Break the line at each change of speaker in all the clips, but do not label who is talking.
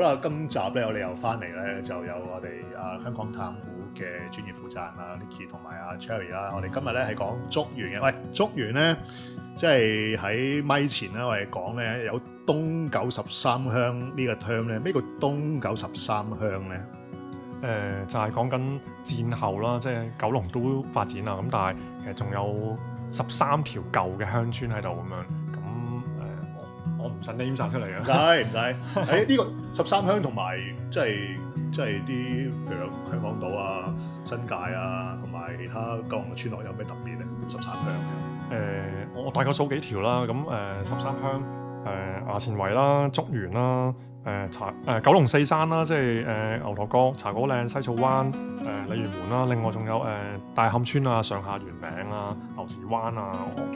好啦，今集咧我哋又翻嚟咧，就有我哋啊香港探古嘅專業負責人啊 Nicky 同埋啊 Cherry 啦。我哋今日咧係講竹園嘅，喂竹園咧，即係喺咪前咧，我哋講咧有東九十三鄉呢個 term 咧，咩叫東九十三鄉咧？誒就係講緊戰後啦，即係九龍都發展啦，咁
但係其實仲有十三條舊嘅鄉村喺度咁樣。
神經閃出嚟啊！唔使唔使喺呢個十三鄉同埋，即係即係啲譬如香港島啊、新界啊，同埋其他九龍嘅村落有咩特別咧？十三鄉誒，我
大概數幾條啦。咁誒，十三鄉誒，衙前圍啦、竹園啦、誒茶誒九龍四山啦，即係誒牛頭角、茶果嶺、茜草灣、誒鯉魚門啦。另外仲有誒大磡村啊、上下元嶺啊、牛池灣啊、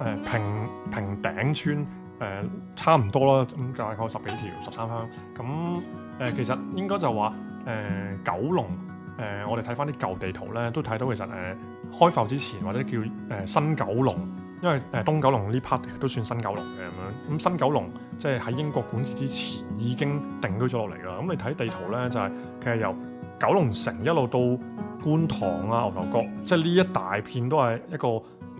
誒平平頂村。誒、呃、差唔多啦，咁大概十幾條、十三鄉咁誒，其實應該就話誒、呃、九龍誒、呃，我哋睇翻啲舊地圖咧，都睇到其實誒、呃、開埠之前或者叫誒、呃、新九龍，因為誒、呃、東九龍呢 part 都算新九龍嘅咁樣。咁、嗯嗯、新九龍即係喺英國管治之前已經定居咗落嚟啦。咁、嗯、你睇地圖咧，就係佢係由九龍城一路到觀塘啊、牛頭角，即係呢一大片都係一個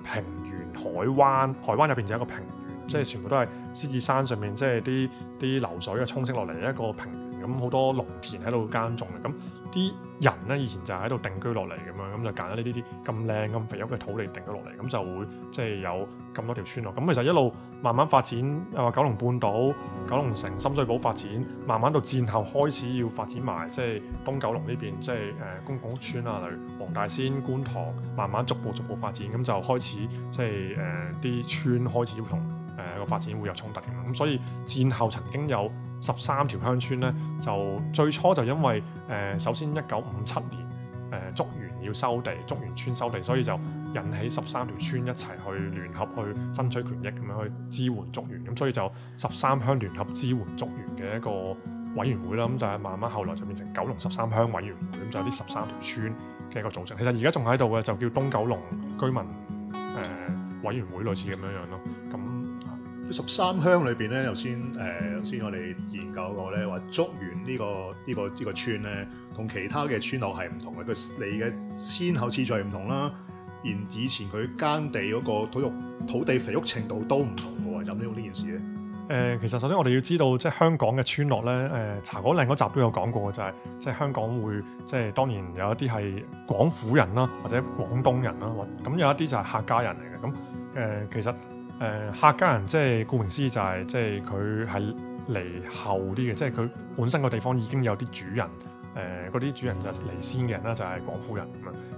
平原海灣，海灣入邊就一個平原。即、全部都係獅子山上面，即係啲啲流水啊沖積落嚟一個平原，咁好多農田喺度耕種嘅，咁啲人呢，以前就喺度定居落嚟咁樣，咁就揀咗呢啲啲咁靚咁肥沃嘅土地定居落嚟，咁就會即係有咁多條村落。咁其實一路慢慢發展啊，九龍半島、九龍城、深水埗發展，慢慢到戰後開始要發展埋，即係東九龍呢邊，即係誒公共屋邨啊，例如黃大仙、觀塘，慢慢逐步逐步發展，咁就開始即係誒啲村開始要同。誒、呃、個發展會有衝突嘅咁、嗯，所以戰後曾經有十三條鄉村呢，就最初就因為誒、呃、首先一九五七年誒竹園要收地，竹園村收地，所以就引起十三條村一齊去聯合去爭取權益咁樣去支援竹園咁，所以就十三鄉聯合支援竹園嘅一個委員會啦。咁就係慢慢後來就變成九龍十三鄉委員會咁，就係呢十三條村嘅一個組成。其實而家仲喺度嘅就叫東九龍居
民、呃、委員會類似咁樣樣咯，咁。十三鄉裏邊咧，頭先誒，頭先、呃、我哋研究過咧，話竹園呢個呢、呢個呢、呢個村咧，同其他嘅村落係唔同嘅，佢嚟嘅先後次序唔同啦，而以前佢耕地嗰個土肉土地肥沃程度都唔同嘅喎，就呢個呢件事咧。
誒、呃，其實首先我哋要知道，即係香港嘅村落咧，誒、呃，茶果嶺嗰集都有講過就係、係、即係香港會即係當然有一啲係廣府人啦，或者廣東人啦，或咁有一啲就係客家人嚟嘅，咁誒、呃、其實。誒、呃、客家人即係顧名思義就係即係佢係嚟後啲嘅，即係佢本身個地方已經有啲主人，誒嗰啲主人就嚟先嘅人啦，就係、是、廣府人，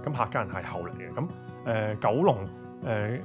咁客家人係後嚟嘅，咁誒、呃、九龍誒。呃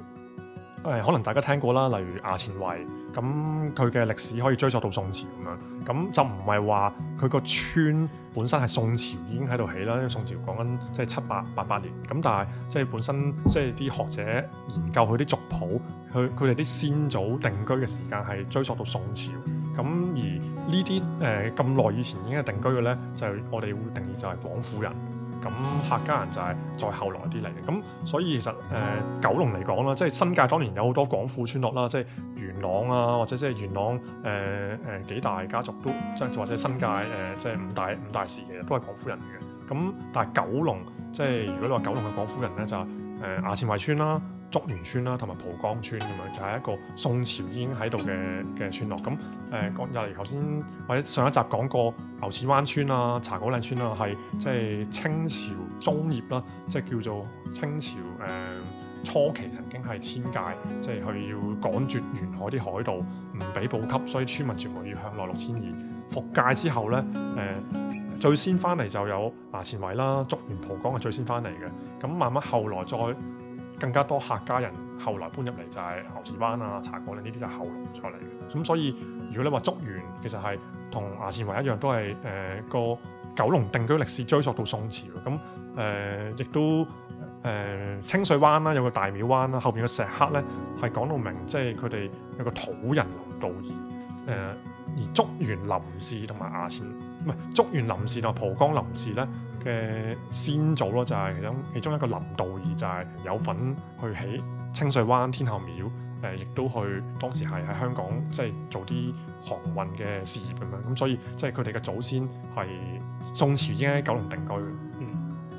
誒可能大家聽過啦，例如衙前圍咁，佢嘅歷史可以追溯到宋朝咁樣，咁就唔係話佢個村本身係宋朝已經喺度起啦，因為宋朝講緊即係七八八八年，咁但係即係本身即係啲學者研究佢啲族譜，佢佢哋啲先祖定居嘅時間係追溯到宋朝，咁而呢啲誒咁耐以前已經係定居嘅咧，就係、我哋會定義就係廣府人。咁客家人就係再後來啲嚟嘅，咁所以其實、呃、九龍嚟講啦，即係新界當然有好多廣府村落啦，即係元朗啊，或者即係元朗誒誒、呃呃、幾大家族都即係，或者新界、呃、即係五大五大時嘅都係廣府人嚟嘅。咁但係九龍即係如果你話九龍嘅廣府人咧，就係誒衙前圍村啦、啊。竹園村啦，同埋蒲江村咁樣，就係、是、一個宋朝已經喺度嘅嘅村落。咁誒講，又嚟頭先或者上一集講過牛屎灣村啦、啊、茶果嶺村啦、啊，係即係清朝中葉啦，即、就、係、是、叫做清朝誒、呃、初期曾經係遷界，即係佢要趕絕沿海啲海盜，唔俾補給，所以村民全部要向內陸遷移。復界之後呢，誒、呃、最先翻嚟就有衙前圍啦、竹園、蒲江係最先翻嚟嘅。咁慢慢後來再。更加多客家人後來搬入嚟就係牛池灣啊、茶果嶺呢啲就後來嚟嘅。咁所以如果你話竹園其實係同衙前圍一樣都係誒、呃、個九龍定居歷史追溯到宋朝，咁誒亦都誒、呃、清水灣啦、啊，有個大廟灣啦、啊，後邊嘅石刻咧係講到明，即係佢哋有個土人道義誒、呃，而竹園林氏同埋衙前唔係竹園林氏同蒲崗林氏咧。嘅先祖咯，就係其中一個林道義，就係有份去起清水灣天后廟，誒，亦都去當時係喺香港即係做啲航運嘅事業咁樣，咁所以即係佢哋嘅祖先係宋朝已經
喺九龍定居。嗯，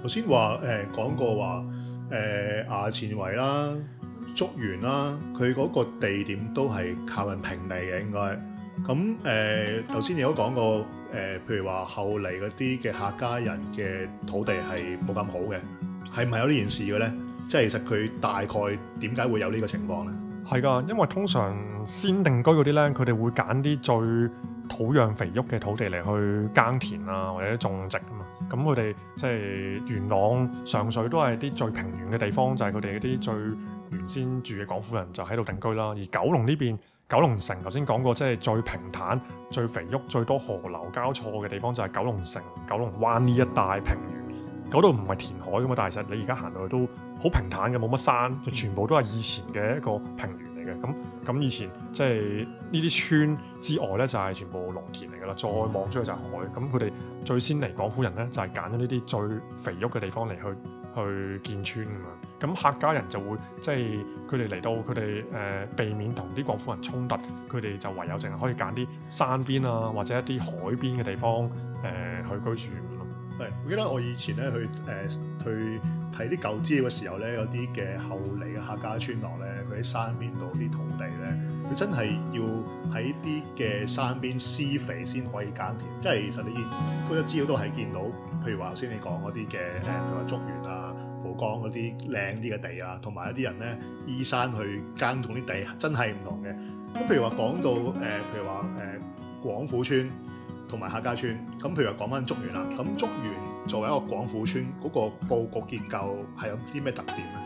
頭先話誒講過話誒衙前圍啦、竹園啦，佢嗰個地點都係靠近平地嘅應該。咁誒，頭先你都講過誒、呃，譬如話後嚟嗰啲嘅客家人嘅土地係冇咁好嘅，係咪有呢件事嘅咧？即係其實佢大概點解會有呢個情況咧？係噶，因為通常
先定居嗰啲咧，佢哋會揀啲最土壤肥沃嘅土地嚟去耕田啊，或者種植啊嘛。咁佢哋即係元朗上水都係啲最平原嘅地方，就係佢哋嗰啲最原先住嘅廣府人就喺度定居啦。而九龍呢邊。九龍城頭先講過，即係最平坦、最肥沃、最多河流交錯嘅地方就係九龍城、九龍灣呢一帶平原。嗰度唔係填海噶嘛，但係實你而家行到去都好平坦嘅，冇乜山，就全部都係以前嘅一個平原嚟嘅。咁咁以前即係呢啲村之外呢，就係、是、全部農田嚟噶啦。再望出去就係海。咁佢哋最先嚟廣府人呢，就係揀咗呢啲最肥沃嘅地方嚟去去建村。咁客家人就會即係，佢哋嚟到佢哋、呃、避免同啲廣府人衝突，佢哋就唯有淨係可以揀啲山邊啊，或者一啲海邊嘅地方、呃、去居住咁咯。
係，我記得我以前咧去、呃、去睇啲舊資料嘅時候咧，有啲嘅後嚟嘅客家村落咧，佢喺山邊度啲土地咧，佢真係要喺啲嘅山邊施肥先可以耕田，即係其實你都一資料都係見到，譬如話頭先你講嗰啲嘅誒，譬如話竹園。講嗰啲靚啲嘅地啊，同埋一啲人咧依山去耕種啲地，真係唔同嘅。咁譬如話講到誒、呃，譬如話誒廣府村同埋客家村，咁譬如話講翻竹園啦。咁竹園作為一個廣府村，嗰、那個布局結構係有啲咩特點咧？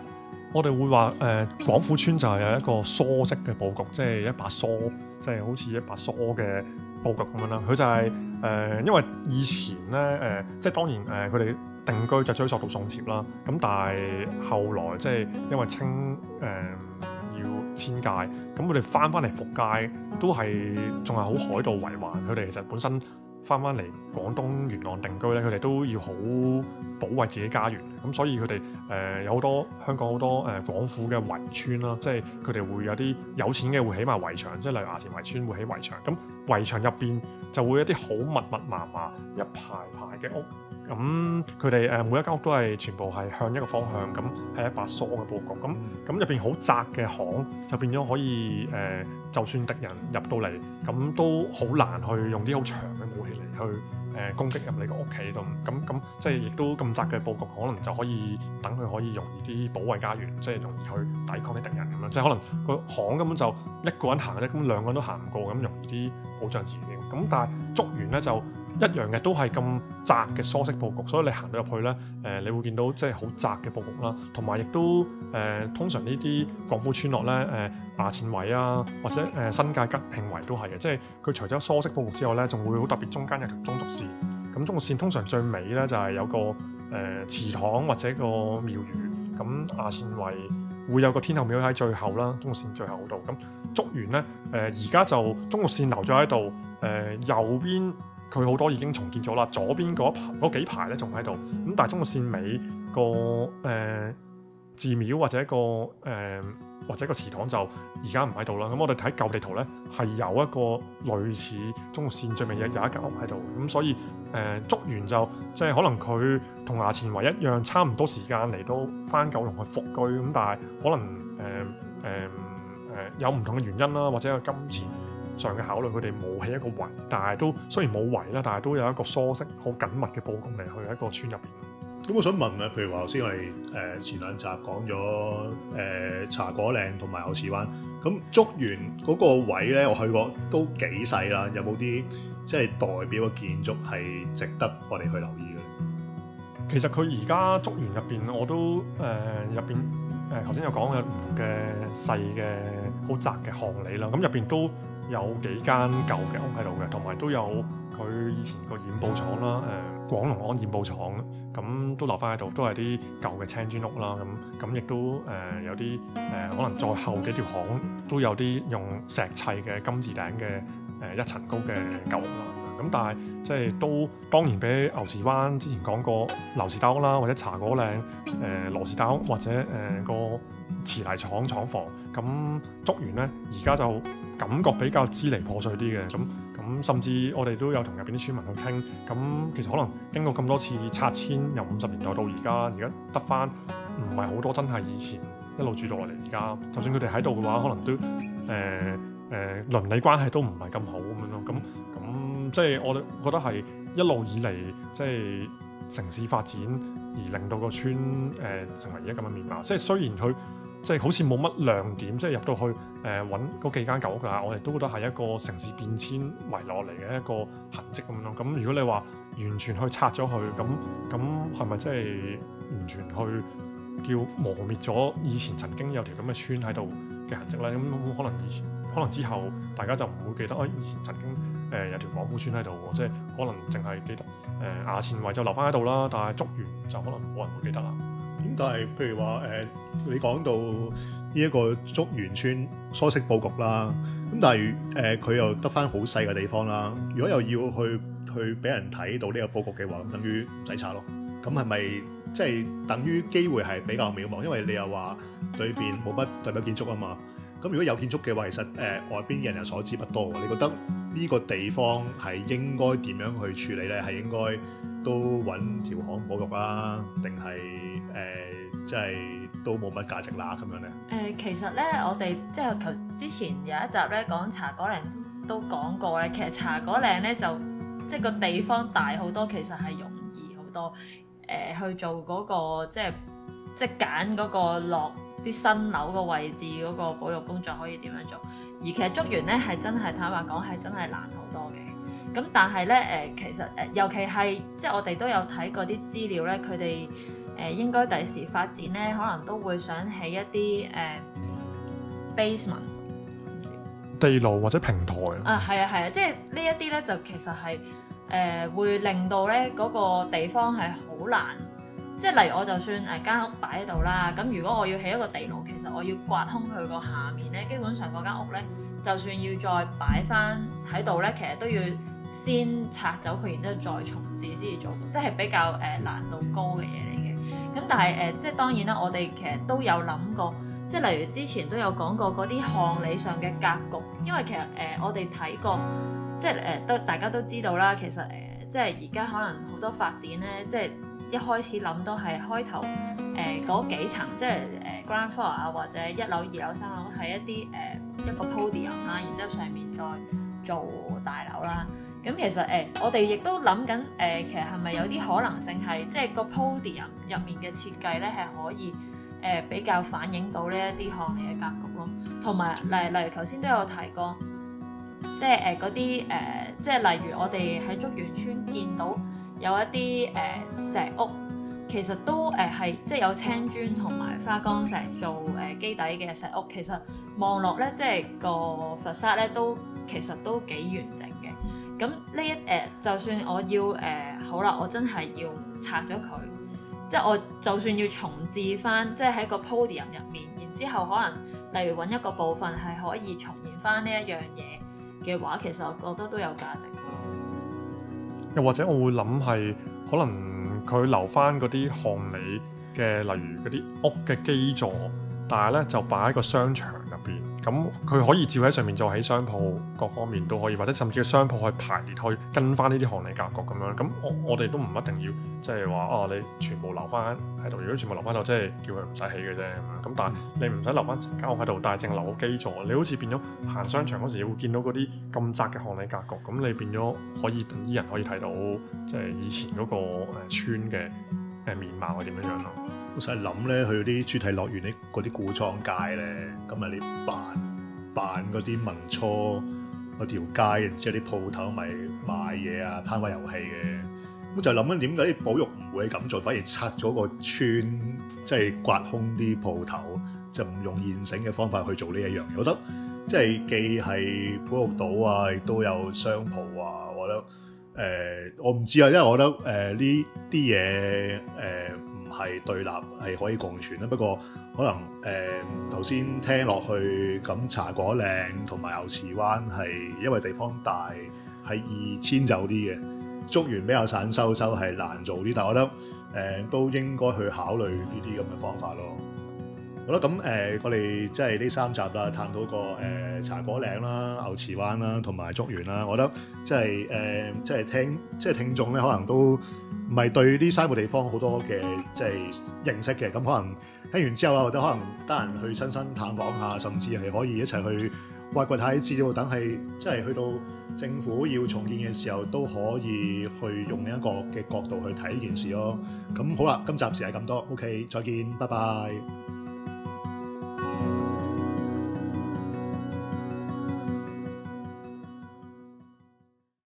我哋會話誒廣府村就係有一個梳式嘅布局，即、就、係、是、一把梳，即、就、係、是、好似一把梳嘅布局咁樣啦。佢就係、是、誒、呃，因為以前咧誒、呃，即係當然誒佢哋。呃定居就追溯到宋朝啦，咁但係後來即係因為清誒、呃、要遷界，咁佢哋翻翻嚟復界都係仲係好海盜為患，佢哋其實本身。翻翻嚟廣東元朗定居咧，佢哋都要好保衛自己家園，咁所以佢哋、呃、有好多香港好多誒、呃、廣府嘅圍村啦，即係佢哋會有啲有錢嘅會起埋圍牆，即係例如衙前圍村會起圍牆，咁圍牆入面就會有一啲好密密麻麻一排一排嘅屋，咁佢哋每一間屋都係全部係向一個方向，咁係一把梳嘅佈局，咁咁入面好窄嘅巷就變咗可以、呃就算敵人入到嚟，咁都好難去用啲好長嘅武器嚟。去誒攻擊入你個屋企度，咁咁即係亦都咁窄嘅佈局，可能就可以等佢可以容易啲保衞家園，即係容易去抵抗啲敵人咁樣。即係可能個巷根本就一個人行嘅啫，咁兩個人都行唔過，咁容易啲保障自己。咁但係竹園咧就一樣嘅，都係咁窄嘅梳式佈局，所以你行到入去咧，誒、呃，你會見到即係好窄嘅佈局啦。同埋亦都誒、呃，通常呢啲廣府村落咧，誒衙前圍啊，或者誒、呃、新界吉慶圍都係嘅，即係佢除咗梳式佈局之外咧，仲會好特別中間嘅。中軸線咁，中軸線通常最尾咧就係、是、有個誒、呃、祠堂或者個廟宇咁。衙前圍會有個天后廟喺最後啦，中軸線最後度咁。捉完咧，誒而家就中軸線留咗喺度。誒、呃，右邊佢好多已經重建咗啦，左邊嗰排嗰幾排咧仲喺度。咁但係中軸線尾、那個誒、呃、寺廟或者一個誒。呃或者個祠堂就而家唔喺度啦，咁我哋睇舊地圖呢，係有一個類似中路線最尾有一間屋喺度，咁所以誒，竹、呃、園就即係可能佢同衙前圍一樣，差唔多時間嚟到返九龍去復居，咁但係可能誒誒、呃呃呃、有唔同嘅原因啦，或者個金錢上嘅考慮，佢哋冇起一個圍，但係都雖然冇圍啦，但係都有一個梳式好緊密嘅佈局嚟去
一個村入邊。咁我想問啊，譬如話頭先我哋誒前兩集講咗誒茶果嶺同埋牛池灣，咁竹園嗰個位咧，我去過都幾細啦。有冇啲即係代表嘅建築係值得我哋去留意嘅？其實佢而家竹園入邊，
我都誒入邊誒頭先有講入嘅細嘅好窄嘅巷嚟啦。咁入邊都，有幾間舊嘅屋喺度嘅，同埋都有佢以前個染布廠啦，誒廣隆安染布廠，咁、呃、都留翻喺度，都係啲舊嘅青磚屋啦。咁咁亦都誒、呃、有啲誒、呃，可能再後幾條巷都有啲用石砌嘅金字頂嘅誒一層高嘅舊屋啦。咁但係即係都當然比牛池灣之前講過樓氏大屋啦，或者茶果嶺誒羅氏大屋或者誒、呃、個。慈泥廠廠房咁、嗯、捉完呢，而家就感覺比較支離破碎啲嘅。咁、嗯、咁、嗯、甚至我哋都有同入邊啲村民去傾。咁、嗯、其實可能經過咁多次拆遷，由五十年代到而家，而家得返唔係好多真係以前一路住落嚟。而家就算佢哋喺度嘅話，可能都誒誒鄰里關係都唔係咁好咁樣咯。咁、嗯、咁、嗯嗯、即係我覺得係一路以嚟即係城市發展而令到個村誒、呃、成為而家咁嘅面貌。即係雖然佢。即、就、係、是、好似冇乜亮點，即係入到去誒揾嗰幾間舊屋㗎，我哋都覺得係一個城市變遷遺落嚟嘅一個痕跡咁樣。咁如果你話完全去拆咗佢，咁咁係咪即係完全去叫磨滅咗以前曾經有條咁嘅村喺度嘅痕跡咧？咁、嗯、可能以前，可能之後大家就唔會記得，啊以前曾經誒、呃、有條廣府村喺度喎，即係可能淨係記得誒衙前圍就留翻喺度啦，但係竹園就可能冇人會記得啦。
就係譬如話誒、呃，你講到呢一個竹園村梳式佈局啦，咁但係誒佢又得翻好細嘅地方啦。如果又要去去俾人睇到呢個佈局嘅話，等於唔使拆咯。咁係咪即係等於機會係比較渺茫？因為你又話裏邊冇乜代表建築啊嘛。咁如果有建築嘅話，其實誒、呃、外邊嘅人又所知不多。你覺得呢個地方係應該點樣去處理咧？係應該？都揾條巷保育啦，定係誒即係都冇乜價值啦咁樣
咧？誒、呃，其實咧，我哋即係求之前有一集咧講茶果嶺都講過咧，其實茶果嶺咧就即係個地方大好多，其實係容易好多。誒、呃，去做嗰、那個即係即揀嗰個落啲新樓嘅位置嗰、那個保育工作可以點樣做？而其實竹園咧係真係坦白講係真係難好多嘅。咁、嗯、但係咧，誒、呃、其實誒、呃，尤其係即係我哋都有睇過啲資料咧，佢哋誒應該第時發展咧，可能都會想起一啲誒、呃、basement
地牢或者平台啊。
係啊係啊，即係呢一啲咧就其實係誒、呃、會令到咧嗰、那個地方係好難。即係例如我就算誒間、呃、屋擺喺度啦，咁如果我要起一個地牢，其實我要刮空佢個下面咧，基本上嗰間屋咧，就算要再擺翻喺度咧，其實都要、嗯。先拆走佢，然之後再重置先至做到，即係比較誒、呃、難度高嘅嘢嚟嘅。咁但係誒、呃，即係當然啦，我哋其實都有諗過，即係例如之前都有講過嗰啲項理上嘅格局，因為其實誒、呃、我哋睇過，即係誒都大家都知道啦。其實誒、呃、即係而家可能好多發展咧，即係一開始諗都係開頭誒嗰幾層，即係誒 ground floor 啊，或者一樓、二樓、三樓係一啲誒、呃、一個 podium 啦，然之後上面再做大樓啦。咁其實誒、哎，我哋亦都諗緊誒，其實係咪有啲可能性係，即、就、係、是、個 podium 入面嘅設計咧，係可以誒、呃、比較反映到呢一啲行業嘅格局咯。同埋，例例如頭先都有提過，即係誒嗰啲誒，即係例如我哋喺竹園村見到有一啲誒、呃、石屋，其實都誒係即係有青磚同埋花崗石做誒、呃、基底嘅石屋，其實望落咧，即係個佛沙咧都其實都幾完整嘅。咁呢一誒，就算我要誒好啦，我真係要拆咗佢，即係我就算要重置翻，即係喺個 podium 入面，然之後可能例如揾一個部分係可以重現翻呢一樣嘢嘅話，其實我覺得都有價值。
又或者我會諗係可能佢留翻嗰啲項尾嘅，例如嗰啲屋嘅基座，但係咧就擺喺個商場入邊。咁佢可以照喺上面做起商鋪，各方面都可以，或者甚至商鋪去排列去跟翻呢啲巷里格局咁樣。咁我我哋都唔一定要即係話哦，你全部留翻喺度，如果全部留翻度，即係叫佢唔使起嘅啫。咁但係你唔使留翻成間屋喺度，但係正留個基座。你好似變咗行商場嗰時，會見到嗰啲咁窄嘅巷里格局，咁你變咗可以等啲人可以睇到，即係以前嗰個村嘅面貌係點樣樣咯。
我成日諗咧，去啲主題樂園啲嗰啲古裝街咧，咁啊，你扮扮嗰啲民初嗰條街，然之後啲鋪頭咪賣嘢啊，攤位遊戲嘅。咁就諗緊點解啲保育唔會咁做，反而拆咗個村，即係刮空啲鋪頭，就唔用現成嘅方法去做呢一樣嘢。我覺得即係既係保育到啊，亦都有商鋪啊，我覺得。誒、呃，我唔知啊，因為我覺得誒呢啲嘢誒唔係對立，係可以共存啦。不過可能誒頭先聽落去，咁茶果嶺同埋牛池灣係因為地方大，係易遷就啲嘅。竹園比較散修，收收係難做啲，但係我覺得誒、呃、都應該去考慮呢啲咁嘅方法咯。好啦，咁誒，我哋即係呢三集啦，探到個誒茶果嶺啦、牛池灣啦、同埋竹園啦。我覺得即係誒，即係聽，即係聽眾咧，可能都唔係對呢三個地方好多嘅即係認識嘅。咁可能聽完之後啦，或者可能得閒去親身探訪下，甚至係可以一齊去挖掘下啲資料，等係即係去到政府要重建嘅時候，都可以去用另一個嘅角度去睇呢件事咯。咁好啦，今集時係咁多，OK，再見，拜拜。